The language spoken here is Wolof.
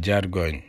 jargoñ